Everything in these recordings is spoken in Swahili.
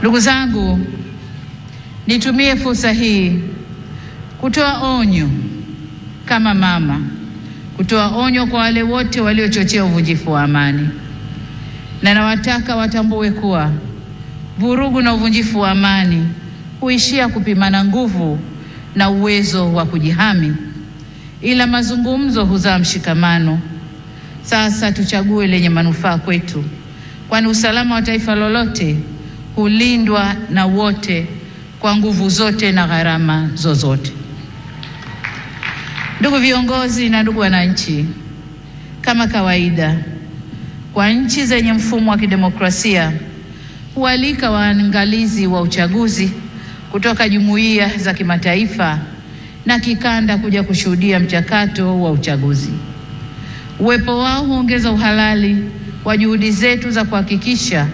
Ndugu zangu, nitumie fursa hii kutoa onyo kama mama, kutoa onyo kwa wale wote waliochochea uvunjifu wa amani, na nawataka watambue kuwa vurugu na uvunjifu wa amani huishia kupimana nguvu na uwezo wa kujihami, ila mazungumzo huzaa mshikamano. Sasa tuchague lenye manufaa kwetu, kwani usalama wa taifa lolote hulindwa na wote kwa nguvu zote na gharama zozote. Ndugu viongozi na ndugu wananchi, kama kawaida kwa nchi zenye mfumo wa kidemokrasia hualika waangalizi wa uchaguzi kutoka jumuiya za kimataifa na kikanda kuja kushuhudia mchakato wa uchaguzi. Uwepo wao huongeza uhalali wa juhudi zetu za kuhakikisha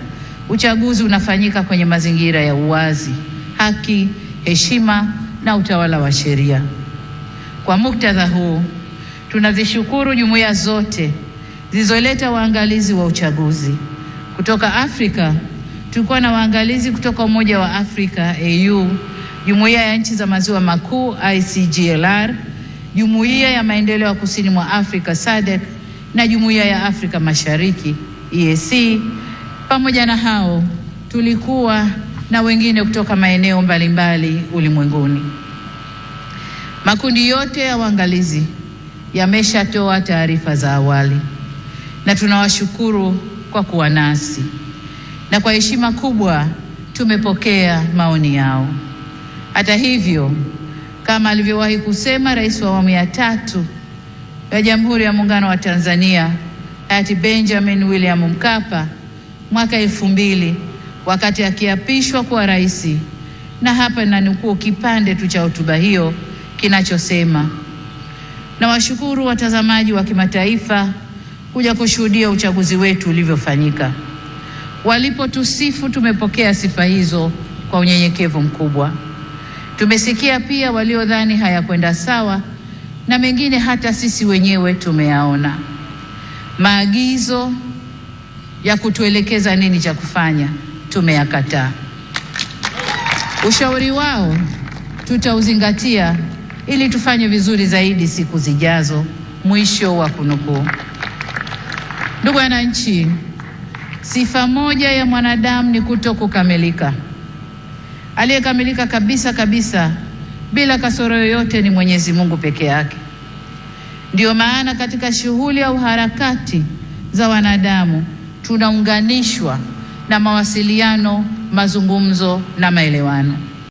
Uchaguzi unafanyika kwenye mazingira ya uwazi, haki, heshima na utawala wa sheria. Kwa muktadha huu, tunazishukuru jumuiya zote zilizoleta waangalizi wa uchaguzi kutoka Afrika. Tulikuwa na waangalizi kutoka Umoja wa Afrika AU, Jumuiya ya Nchi za Maziwa Makuu ICGLR, Jumuiya ya Maendeleo ya Kusini mwa Afrika SADC e na Jumuiya ya Afrika Mashariki EAC. Pamoja na hao, tulikuwa na wengine kutoka maeneo mbalimbali ulimwenguni. Makundi yote ya waangalizi yameshatoa taarifa za awali na tunawashukuru kwa kuwa nasi, na kwa heshima kubwa tumepokea maoni yao. Hata hivyo, kama alivyowahi kusema Rais wa awamu ya tatu ya Jamhuri ya Muungano wa Tanzania hayati Benjamin William Mkapa mwaka elfu mbili wakati akiapishwa kuwa rais, na hapa nanukuu kipande tu cha hotuba hiyo kinachosema: nawashukuru watazamaji wa kimataifa kuja kushuhudia uchaguzi wetu ulivyofanyika. Walipotusifu, tumepokea sifa hizo kwa unyenyekevu mkubwa. Tumesikia pia waliodhani hayakwenda sawa, na mengine hata sisi wenyewe tumeyaona. Maagizo ya kutuelekeza nini cha kufanya, tumeyakataa. Ushauri wao tutauzingatia ili tufanye vizuri zaidi siku zijazo. Mwisho wa kunukuu. Ndugu wananchi, sifa moja ya mwanadamu ni kutokukamilika. Aliyekamilika kabisa kabisa bila kasoro yoyote ni Mwenyezi Mungu peke yake. Ndiyo maana katika shughuli au harakati za wanadamu tunaunganishwa na mawasiliano, mazungumzo na maelewano.